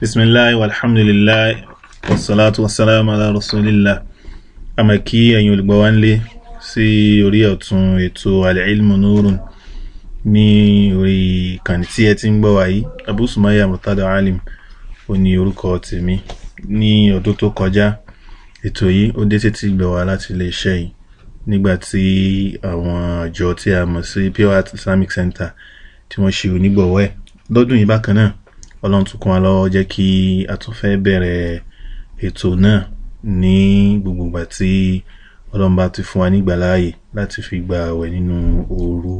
bisimilahi walhamdulilahi wasalaatu wasalaamu ala rasulillah amaki ẹ̀yin olùgbọ́ wa ń lé sí orí ọ̀tún ètò alilmu nurun ní orí ìkànnì tí ẹ ti ń gbọ́ wa yìí abu sumaya murtada alim ó ní orúkọ tèmi ní ọdún tó kọjá ètò yìí ó dé títí gbọ́ wa láti iléeṣẹ́ yìí nígbà tí àwọn àjọ tí a mọ̀ sí pure islamic center tí wọ́n ṣe onígbọ̀wọ́ ẹ̀ lọ́dún yìí bákan náà ọlọ́run tún kún wa lọ́wọ́ jẹ́ kí a tún fẹ́ bẹ̀rẹ̀ ètò náà ní gbogbo ìgbà tí ọlọ́run bá ti fún wa nígbà láàyè láti fi gba àwẹ̀ nínú òru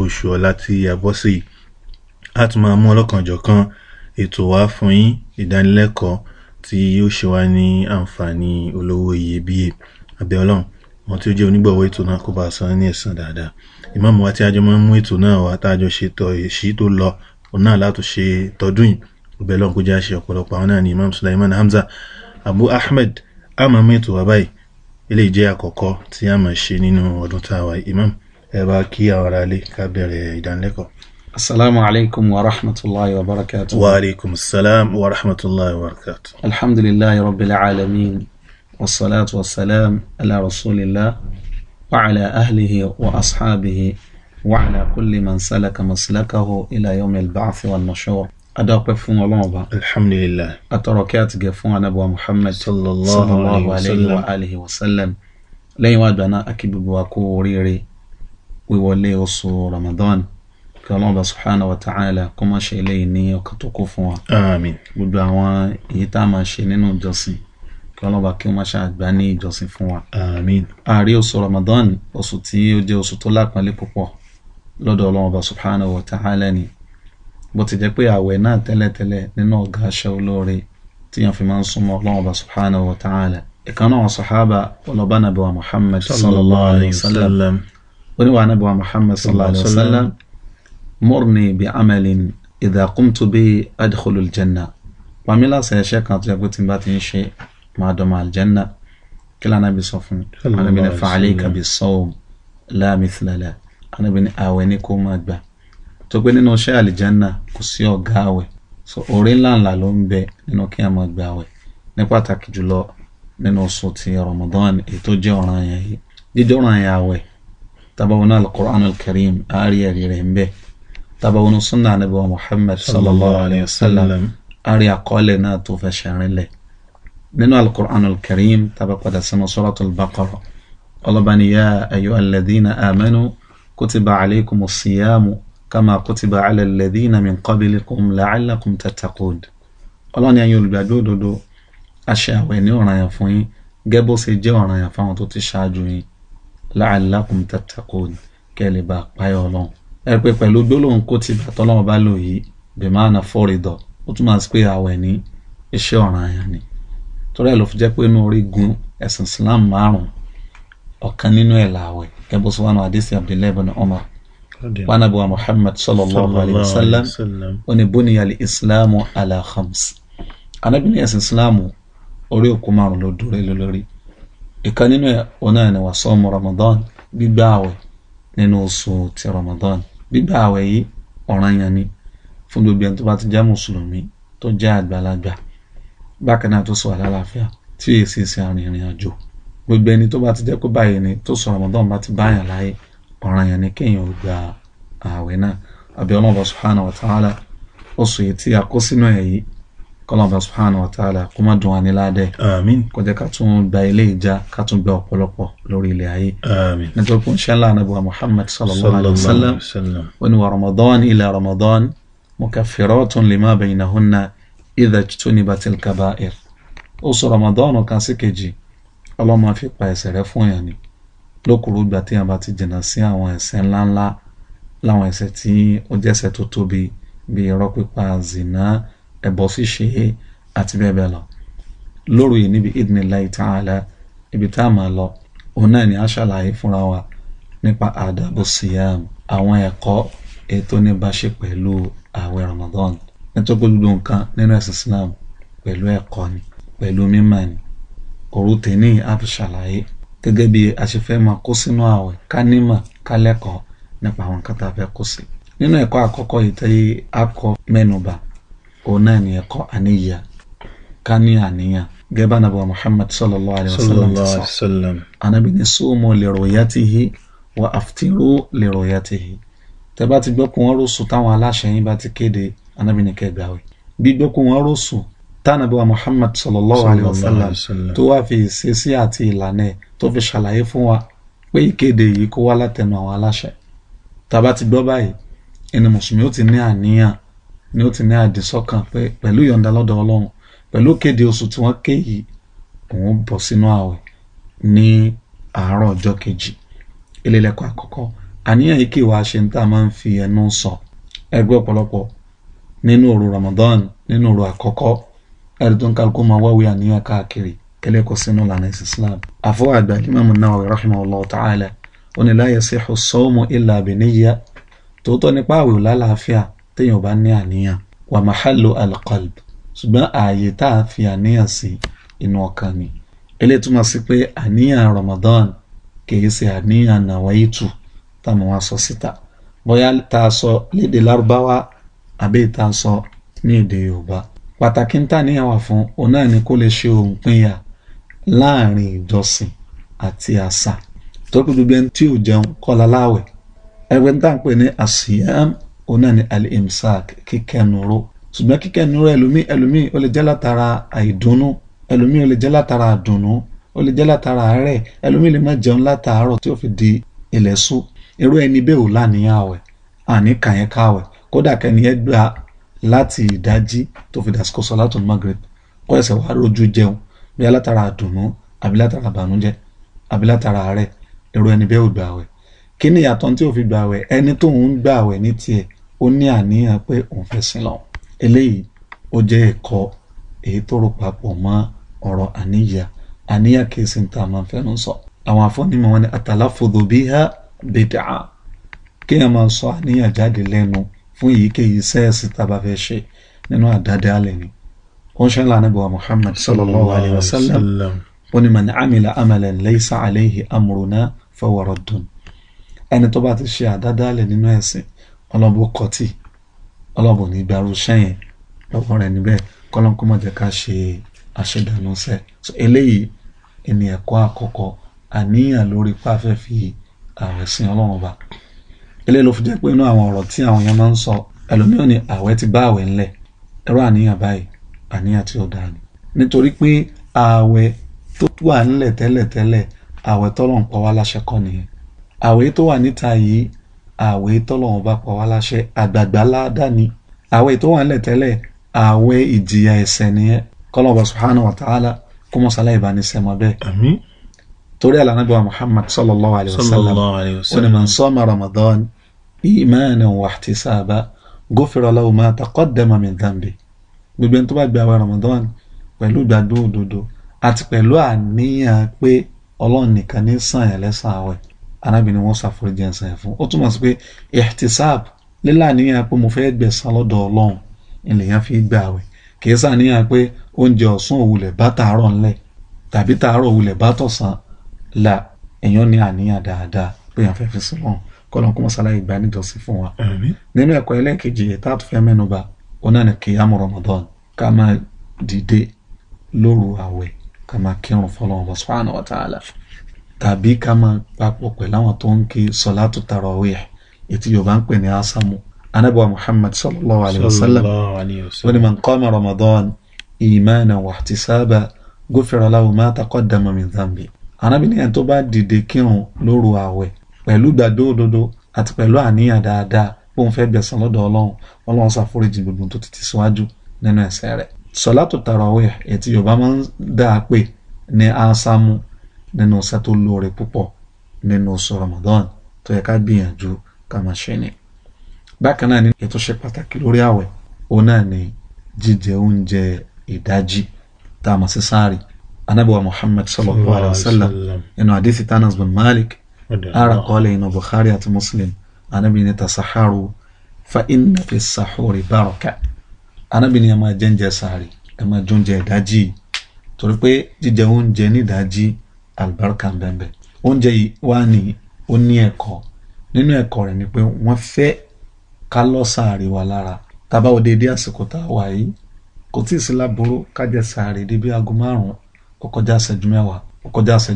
oṣù ọlá tí a bọ́ sí a tún máa mú ọlọ́kanjọ̀kan ètò wa fún yín ìdánilẹ́kọ̀ọ́ tí yóò ṣe wá ní àǹfààní olówó iyebíye abẹ́ ọlọ́run wọn tí ó jẹ́ onígbọ̀wọ́ ètò náà kó bá a san ní ẹ̀san dáadáa ìmáàmù wa tí a jọ máa ń mú ètò náà wá tá a jọ ṣètò èṣí tó lọ òun náà láti ṣe tọdún yìí bẹ́ẹ̀ jẹ́ àṣẹ ọ̀pọ̀lọpọ̀ àwọn náà ni Imam Sulaiman Hamza Abu Ahmed ama mẹ́tò wa báyìí àkọ́kọ́ tí a máa ṣe nínú ọdún tá Imam ẹ bá kí àwọn ará ilé ká bẹ̀rẹ̀ ìdánilẹ́kọ̀ọ́. السلام عليكم ورحمة الله وبركاته وعليكم السلام ورحمة الله وبركاته الحمد لله رب العالمين والصلاة والسلام على رسول الله وعلى أهله وأصحابه وعلى كل من سلك مسلكه إلى يوم البعث والنشور adáwọ̀pẹ́ fún ọlọ́run ọba. alhamdulilah. atọ́rọ̀ kí a ti gẹ̀ fún anabuwa muhammed sallallahu alayhi wa alihi wa sallam lẹ́yìn wá gbàná akíbùbù wa kú oríire wíwọlé oṣù ramadan kí ọlọ́run ọba subhanahu wa ta'ala kó má ṣe eléyìí ní ọkàn tó kó fún wa. àmín. gbogbo àwọn èyí tá a máa ṣe nínú ìjọsìn kí ọlọ́run ọba kí ó má ṣe àgbá ní ìjọsìn fún wa. àmín. ààrí oṣù ramadan oṣù tí ó jẹ́ oṣù tó lápẹ́lẹ́ púpọ̀ lọ́dọ̀ ọlọ́run ọba subhanahu wa ta'ala ni bó ti jẹ́ pé àwẹ̀ náà tẹ́lẹ̀tẹ́lẹ̀ nínú ọ̀gá aṣẹ́ olóore tí yẹn fi máa ń súnmọ́ ọlọ́run ọba subhanahu wa ta'ala ìkan náà sàhábà ọlọ́ba nàbẹ̀ wa muhammad sallallahu alayhi wa sallam oníwà nàbẹ̀ wa muhammad sallallahu alayhi wa sallam murni bi amalin idha qumtu bi adkhulu aljanna pamela sẹ ẹṣẹ kan tó yẹ kó tí n bá ti ń ṣe máa dọmọ aljanna kí lànà bí sọ fún mi àlẹ́ ní fa'alayka bis sawm la mithla anábì ní àwẹ̀ ni kó máa gbà tó pé nínú iṣẹ́ àlìjánà kò sí ọ̀gá àwẹ̀ so orí ńláńlá ló ń bẹ nínú kí a máa gbà àwẹ̀ ní pàtàkì jùlọ nínú oṣù ti Ramadan èyí tó jẹ́ ọ̀ràn yẹn yìí jíjẹ́ ọ̀ràn yẹn àwẹ̀ tábàwọn náà al-Qur'an al-Karim àárí ẹ̀rí rẹ̀ ń bẹ tábàwọn sunna anábì wa Muhammad sallallahu alayhi wa sallam àárí àkọọ́lẹ̀ náà tó fẹ́ ṣẹ̀rin كتب عليكم الصيام كما كتب على الذين من قبلكم لعلكم تتقون ọlọ́ni ẹ̀yin olùgbàgbọ́ òdodo aṣẹ àwẹ̀ ní ọ̀ranyàn fún yín gẹ́gẹ́ bó ṣe jẹ́ ọ̀ranyàn fáwọn tó ti ṣáájú yín la'allakum tattaqun kẹ́ ẹ lè bá páyọ̀ ọlọ́run. ẹ pé pẹ̀lú gbólóhùn kutiba tọ́lọ́wọ́ bá lò yìí bimana fọ́rìdọ̀ ó túmọ̀ sí pé àwẹ̀ ní iṣẹ́ ọ̀ranyàn ni. torí ẹ̀ ló fi jẹ́ pé inú orígun ẹ̀sìn Islam márùn-ún ọ̀kan nínú ẹ̀ làwẹ̀ gẹ́gẹ́ sọ wọn àdìsí abdullahi ibn umar wọn àbí wa muhammad sallallahu alayhi wa sallam wọn ni bóni yàlí islamu ala khams anabini ẹ̀sìn islamu orí òkú márùn ló dúró lórí ìkan nínú ẹ̀ wọn náà ni wàsọ́ọ̀mù ramadan gbígbà àwẹ̀ nínú oṣù ti ramadan gbígbà àwẹ̀ yìí ọ̀ranyàn ni fún gbogbo ẹni tó bá ti jẹ́ mùsùlùmí tó jẹ́ àgbàlagbà bákan náà tó sọ àlàáfíà tí èsì ṣe arìnrìn àjò gbogbo ẹni tó bá ti jẹ́ pé báyìí ni tó sọ Ramadan bá ti báyàn láyé ọ̀ràn yẹn ni kéèyàn ò gba ààwẹ̀ náà àbí ọlọ́ọ̀bà subhanahu wa ta'ala oṣù yìí tí a kó sínú ẹ̀ yìí kọlọ́ọ̀bà subhanahu wa ta'ala kó má dùn wá ní ládẹ́ àmín kó jẹ́ ká tún gba ilé ìjà ká tún gba ọ̀pọ̀lọpọ̀ lórí ilẹ̀ ayé àmín nítorí pé ṣẹlá anábọ̀ Muhammad sallallahu alayhi wa sallam wọn ni wà Ramadan ila Ramadan mukaffiratun ọlọ́mọ fi pa ẹ̀ṣẹ̀ rẹ fún èèyàn ni lókùrú ìgbà tí èèyàn bá ti jìnnà sí àwọn ẹ̀ṣẹ̀ ńláńlá láwọn ẹ̀ṣẹ̀ tí ó jẹ́ṣẹ̀ tó tóbi bíi irọ́ pípa zina ẹbọ ṣíṣe àti bẹ́ẹ̀ bẹ́ẹ̀ lọ lóru yìí níbi idnillahi ta'ala ibi tá a máa lọ òun náà ni a ṣàlàyé fúnra wa nípa àdàbò siyam àwọn ẹ̀kọ́ ètò ní ṣe pẹ̀lú ààwẹ̀ Ramadan nítorí gbogbo nǹkan nínú ẹ̀sìn Islam pẹ̀lú ẹ̀kọ́ ni pẹ̀lú mímọ̀ ni òru tèmi àfi ṣàlàyé gẹ́gẹ́ bí a ṣe fẹ́ máa kó sínú àwẹ̀ ká nímọ̀ ká lẹ́kọ̀ọ́ nípa àwọn nǹkan tá a fẹ́ kó sí. nínú ẹ̀kọ́ àkọ́kọ́ yìí tí a kọ mẹ́nuba òun náà ni ẹ̀kọ́ àníyàn ká ní àníyàn gẹ́gẹ́ bá nàbọ̀ Muhammad sallallahu alayhi wa sallam anabi ni sumu li ru'yatihi tẹ́ bá ti gbọ́ pé wọ́n rò sùn táwọn aláṣẹ yín bá ti kéde anabi ni kẹ́ gbààwẹ̀ gbígbọ́ pé wọ́n rò sùn tánàbíwá Muhammad sallallahu alayhi wa sallam tó wá fi ìṣesí àti ìlànà ẹ̀ tó fi ṣàlàyé fún wa pé ìkéde yìí kó wá látẹnu àwọn aláṣẹ tàbá ti gbọ́ báyìí ẹni mùsùlùmí ó ti ní àníyàn ni ó ti ní àdìsọ́kàn pé pẹ̀lú ìyọ̀ǹda lọ́dọ̀ Ọlọ́run pẹ̀lú kéde oṣù tí wọ́n ké yìí òun bọ̀ sínú ààwẹ̀ ní àárọ̀ ọjọ́ kejì ilé àkọ́kọ́ àníyàn yìí kì í wá ṣe ń tà máa ń fi ẹnu sọ ẹgbẹ́ ọ̀pọ̀lọpọ̀ nínú òru Ramadan nínú òru àkọ́kọ́ ẹ̀rí tó ń kálukú máa wáwé àníyàn káàkiri kẹlẹ́kọ̀ọ́ sínú lànà Islam. àfọ àgbà Imam Nawawi rahimahullahu ta'ala ó ní la yasihu as-sawmu illa bi niyya tòótọ́ nípa àwẹ̀ lálàáfíà téèyàn bá ní àníyàn wa mahallu al-qalb ṣùgbọ́n ààyè tá a fi àníyàn sí inú ọkàn ni eléyìí túmọ̀ sí pé àníyàn Ramadan kìí ṣe àníyàn nàwáyìtù táwọn wá sọ síta bóyá tá a sọ léde lárúbáwá àbí tá a sọ ní èdè Yorùbá pàtàkì ń tàníyàn wà fún òun náà ni kó lè ṣe òun pinya láàrin ìjọsìn àti àṣà tó kí gbogbo ẹni tí ò jẹun kọ́la láwẹ̀ ẹgbẹ́ ń tàn pé ní àṣìyàn òun náà ni al-imsak kíkẹnuró ṣùgbọ́n kíkẹnuró ẹlòmíì ẹlòmíì ó lè jẹ́ látara àìdùnnú ẹlòmíì ó lè jẹ́ látara àdùnnú ó lè jẹ́ látara àárẹ̀ ẹlòmíì lè má jẹun látàárọ̀ tí ó fi di ilẹ̀ sùn irú ẹni bẹ́ẹ̀ ò láníyàn àwẹ̀ àníkàyẹn káwẹ̀ kódà kẹ́niyẹn gba láti ìdájí tó fi dàsìkò sọlátù magrib kó ẹsẹ̀ wá rojú jẹun bí alátara àdùnnú àbí látara àbànújẹ́ àbí látara àárẹ̀ èrò ẹni bẹ́ẹ̀ ò gbà wẹ̀ kí ni ìyàtọ̀ tí ò fi gbà wẹ̀ ẹni tó ń gbà wẹ̀ ní tiẹ̀ ó ní àníyàn pé òun fẹ́ sin lọ eléyìí ó jẹ́ ẹ̀kọ́ èyí tó rò papọ̀ mọ́ ọ̀rọ̀ àníyà àníyà kìí sin tá a máa fẹ́ nu sọ àwọn àfọ́nímọ̀ wọn ni àtàlàfòdò bíhá bìdà kéèyàn máa sọ àníyàn jáde lẹ́nu fún èyíkéyìí sẹ́ẹ̀sì tá a bá fẹ́ ṣe nínú àdáadáalẹ̀ ni ó ṣe ń lànà bí wa muhammad sallallahu alayhi wa sallam ó ní man amila amalan laysa alayhi amruna fahuwa raddun ẹni tó bá ti ṣe àdáadáalẹ̀ nínú ẹ̀sìn ọlọ́bù kọtì ọlọ́bù ní gbàrú sẹ́yìn lọ́wọ́ rẹ̀ níbẹ̀ kọ́lọ́n kó ká ṣe àṣedànù sẹ́ eléyìí ẹni ẹ̀kọ́ àkọ́kọ́ àníyàn lórí pàfẹ́ fi ààrẹ ọlọ́run ọba eléyìí ló fi jẹ́ pé inú àwọn ọ̀rọ̀ tí àwọn èèyàn máa ń sọ ẹlòmíràn ni ààwẹ̀ ti bá ààwẹ̀ ńlẹ̀ ẹ̀rọ àníyàn báyìí àníyàn tí ó dáa ni nítorí pé ààwẹ̀ tó wà ńlẹ̀ tẹ́lẹ̀ tẹ́lẹ̀ ààwẹ̀ tọ́lọ̀ ń pa wá láṣẹ kọ́ nìyẹn ààwẹ̀ tó wà níta yìí ààwẹ̀ tọ́lọ̀ ń bá pa wá láṣẹ àgbàgbà ládàá ni ààwẹ̀ tó wà ńlẹ̀ tẹ́lẹ̀ ààwẹ̀ ìjìyà ẹ̀ṣẹ̀ nìyẹn torí àlànà muhammad sallallahu alayhi wa sallam ó ní ramadan ìmáàna واحتسابا غفر lahu ما تقدم من ذنبه. gbogbo ẹni tó bá gba àwẹ̀ Ramadan pẹ̀lú ìgbàgbọ́ òdodo àti pẹ̀lú àníyàn pé ọlọ́run nìkan ní sàn yẹn lẹ́sàn àwẹ̀ arábìnrin wọn ṣàforíjì ẹ̀sán ẹ̀ fún ó túmọ̀ sí pé ihtisab lílà níyàn pé mo fẹ́ gbẹ̀san lọ́dọ̀ ọlọ́run ìlèyàn fi gbà àwẹ̀ kìí sàníyàn pé oúnjẹ ọ̀sán òwúlẹ̀ bá tààrọ̀ ńlẹ̀ tàbí tààrọ̀ òwúlẹ̀ bá tọ̀sán la èèyàn ní àníyàn dáadáa pé èèyàn fẹ́ fi sílọ̀hún kọ́lọ́n kó mọ́sálá ìgbà níjọsìn fún wa. nínú ẹ̀kọ́ ẹlẹ́ẹ̀kejì yẹn táàtù fẹ́ mẹ́nuba ọ̀nà ni kìyàmù Ramadan ká máa dìde lóru àwẹ̀ ká máa kírun fọlọ́n subhanahu wa ta'ala tàbí ká máa papọ̀ pẹ̀lú àwọn tó ń kí sọ̀látù tarawih ètí yorùbá ń pè ní asamu anabiwa muhammad sallallahu alayhi wa sallam wani man qama ramadan imana wa ihtisaba gufira lahu ma taqaddama min dhanbi anabi ni ẹni tó bá dìde kírun lóru àwẹ̀ pẹ̀lú gbàgbọ́ òdodo àti pẹ̀lú àníyàn dáadáa bóun fẹ́ gbẹ̀san lọ́dọ̀ ọlọ́run ọlọ́run ṣàforíjì gbogbo tó ti ti síwájú nínú ẹ̀ṣẹ̀ rẹ̀. sọlátò tarawih ètí yorùbá máa ń dá a pè ní ásámù nínú iṣẹ́ tó lóore púpọ̀ nínú oṣù ramadan tó yẹ ká gbìyànjú ká máa ṣe ni. bákan náà ni ètò ṣe pàtàkì lórí àwẹ̀ òun náà ni jíjẹ oúnjẹ ìdájí tá a mọ̀ sí sáàrì anábìwá muhammad sallallahu alayhi wa sallam nínú àdìsí tánàs bin malik ara kọ́lé inú Bukhari àti Muslim anabi ní tasaharu fa inna fi sahuri baraka anabi ní ẹ máa jẹ oúnjẹ sààrì ẹ máa jẹ oúnjẹ ìdájí torí pé jíjẹ oúnjẹ nídàájí àlùbáríkà ń bẹ́ẹ̀ bẹ́ẹ̀ oúnjẹ yìí wà ní nínú ẹ̀kọ́ rẹ̀ ni pé wọ́n fẹ́ ká lọ́ wa lára tàbá wo déédéé àsìkò tá a wà kò tí ì sí láboró ká jẹ sààrì dé aago márùn-ún ó kọjá ìṣẹ́jú mẹ́wàá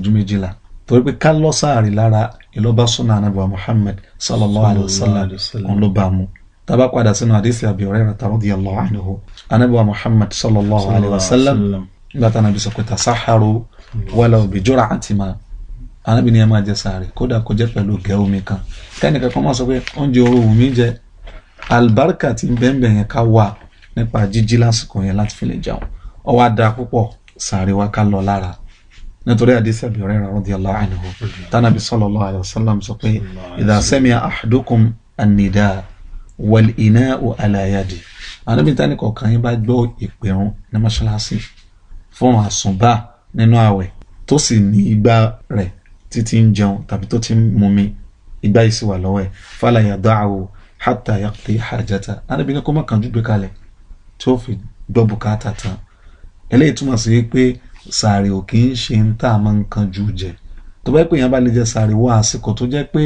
ó méjìlá torí pé ká lọ sáàrin lára ìlọba sunna anabi muhammed sallallahu alayhi wa sallam òun ló bá a mú tábà padà sínú àdìsí Abi Hurayrah radiyallahu anhu anabi muhammed sallallahu alayhi wa sallam nígbà tá anabi sọ pé tasaharu walaw bi jur'ati ma anabi ni ẹ máa jẹ sáré kódà kó jẹ pẹ̀lú gẹ omi kan kẹ́nìkan kan máa sọ pé oúnjẹ oró wù mí jẹ alibarika ti bẹ́ẹ̀nbẹ́ẹ̀ yẹn ká wà nípa jíjí lásìkò yẹn láti fi lè jẹun ọwọ́ á da púpọ̀ sáré wa ká lọ lára nítorí àdìsí Abi Hurairah radiyallahu anhu tánàbí sallallahu alayhi wa sallam sọ pé idha sami'a ahadukum an-nidaa wal inaa'u ala yadihi ànábì tani kọ̀ọ̀kan yín bá gbọ́ ìpẹ̀rún ní mọ́ṣáláṣí fún àsùnbà nínú ààwẹ̀ tó sì ní igbá rẹ̀ títí ń jẹun tàbí tó ti ń mumi igbá yìí sì wà lọ́wọ́ ẹ̀ fala yada'u hatta yaqdi hajata ànábì ní kó má kánjú kalẹ̀ tí fi gbọ́ bùkátà tán eléyìí túmọ̀ sí pé sàárè ò kì í ṣe ń tà máa ń kanjú jẹ tó bá pè yẹn bá lè jẹ sàárè wá àsìkò tó jẹ́ pé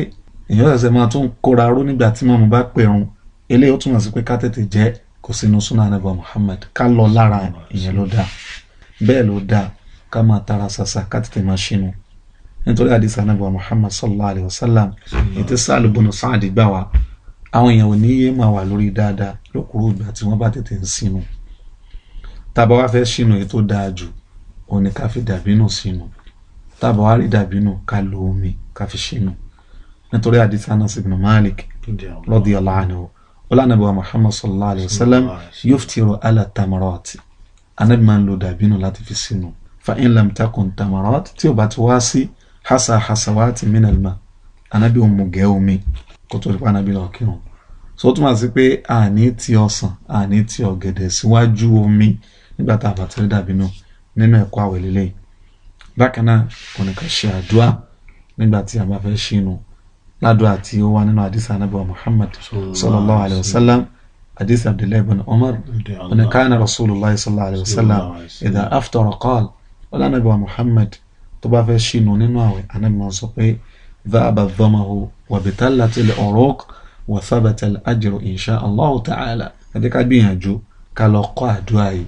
èèyàn ṣẹ̀ṣẹ̀ máa tún kóra ró nígbà tí mọ̀mú bá pẹ̀rùn eléyìí ó túmọ̀ sí pé ká tètè jẹ kò sínú súnà Ànábì Muhammad ká lọ lára ìyẹn ló dáa bẹ́ẹ̀ ló dáa ká máa tara ṣàṣà ká tètè máa ṣinú nítorí àdìsí Ànábì Muhammad sallallahu alayhi wa sallam ètè sáàlù bùnú sáàdì gbà wá àwọn èèyàn ò ní yé máa wà lórí dáadáa lókùrú ìgbà tí wọ́n bá tètè ń sinú tá wá fẹ́ ṣinú èyí tó dáa jù òun ni ká fi dàbínù sínú tábà wá rí dàbínù ká lo omi ká fi sínú nítorí àdìsí Anas ibn Malik radiyallahu anhu ọlànàbí wa Muhammad sallallahu alayhi wa sallam yuftiru ala tamarat anabi máa ń lo dàbínù láti fi sínú fa in lam takun tamarat tí o bá ti wá sí hasa hasawati minal ma anabi ò mú gẹ́ omi kó tó di anabi lọ kírun so ó túmọ̀ sí pé àní ti ọsàn àní ti ọ̀gẹ̀dẹ̀ síwájú omi nígbà tá a bá ti rí nínú ẹ̀kọ́ àwẹ̀ lélẹ̀ bákan náà kò ní ká ṣe àdúrà nígbà tí a bá fẹ́ ṣe inú ládùúrà tí ó wá nínú àdìsí anábọ̀ Muhammad sallallahu alayhi wa sallam àdìsí Abdullahi bin Umar ọ̀nà káàna rasulillah sallallahu alayhi wa sallam idha aftara qala ọ̀là anábọ̀ Muhammad tó bá fẹ́ ṣe inú nínú àwẹ̀ anábọ̀ sọ pé dhaba dhamahu wa bitalat al-uruq wa thabata al-ajru insha Allah ta'ala ẹ̀dẹ́ká gbìyànjú ká lọ kọ́ àdúrà yìí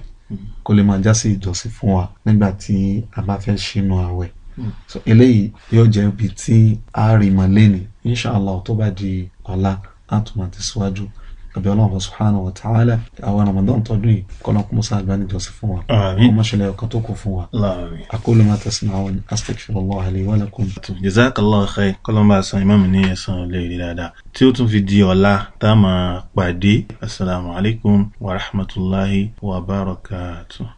kó lè máa já sí ìjọsìn fún wa nígbà tí a bá fẹ́ ṣínú àwẹ̀ hmm. so eléyìí yóò jẹ́ ibi tí a rí mọ́ lẹ́ni inshàlá tó bá di ọ̀la a máa tẹ̀síwájú àbí ọlọ́run subhanahu wa ta'ala àwọn ramadan tọdún yìí kọ́lọ́n kó musa albani jọ sí fún wa kó má ṣẹlẹ̀ ọkàn tó kù fún wa. aqulu ma tasma'un astaghfirullah li wa lakum. jazakallahu khair kọ́lọ́n bá san ní ẹ̀sán léèrè dáadáa tí ó tún fi di ọ̀la tá a máa pàdé asalaamualeykum wa rahmatulahi wa barakatuh.